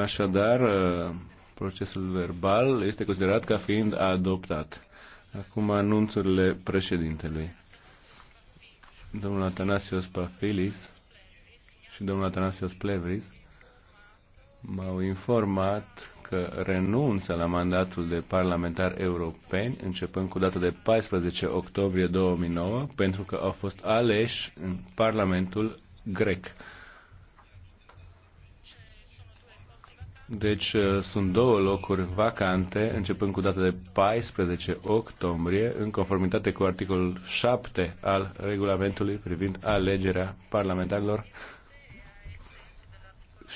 Așadar, uh, procesul verbal este considerat ca fiind adoptat. Acum anunțurile președintelui. Domnul Atanasios Pafilis și domnul Atanasios Plevris m-au informat că renunță la mandatul de parlamentar european începând cu data de 14 octombrie 2009 pentru că au fost aleși în Parlamentul grec. Deci uh, sunt două locuri vacante, începând cu data de 14 octombrie, în conformitate cu articolul 7 al regulamentului privind alegerea parlamentarilor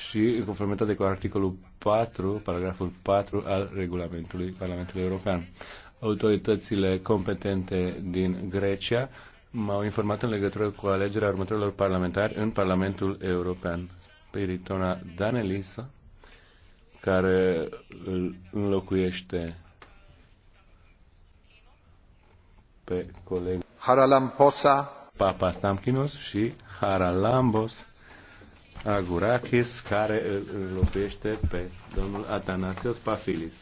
și în conformitate cu articolul 4, paragraful 4 al regulamentului Parlamentului European. Autoritățile competente din Grecia m-au informat în legătură cu alegerea următorilor parlamentari în Parlamentul European. Peritona Danelisa, care îl înlocuiește pe coleg Haralamposa Papastamkinos și Haralambos Agurakis, care îl înlocuiește pe domnul Atanasios Pafilis,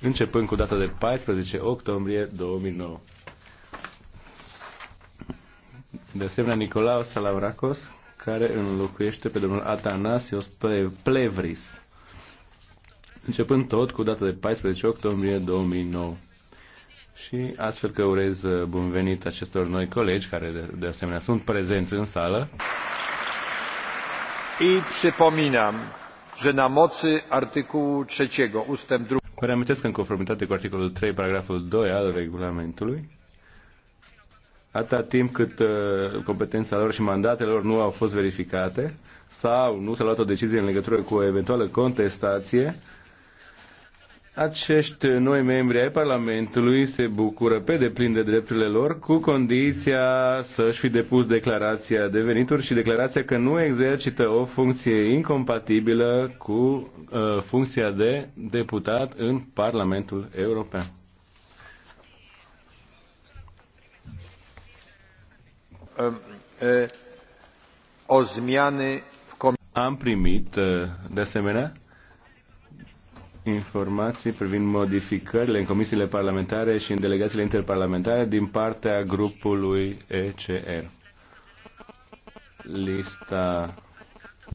începând cu data de 14 octombrie 2009. De asemenea, Nicolaos Salavracos care înlocuiește pe domnul Atanasios Plevris începând tot cu data de 14 octombrie 2009. Și astfel că urez uh, bun venit acestor noi colegi care de, de asemenea sunt prezenți în sală. I przypominam, że na mocy artykułu 3 ustęp 2 Vă reamintesc că în conformitate cu articolul 3, paragraful 2 al regulamentului, atâta timp cât uh, competența lor și mandatele lor nu au fost verificate sau nu s-a luat o decizie în legătură cu o eventuală contestație, acești noi membri ai Parlamentului se bucură pe deplin de drepturile lor cu condiția să-și fi depus declarația de venituri și declarația că nu exercită o funcție incompatibilă cu uh, funcția de deputat în Parlamentul European. Um, uh, Am primit, uh, de asemenea, informații privind modificările în comisiile parlamentare și în delegațiile interparlamentare din partea grupului ECR. Lista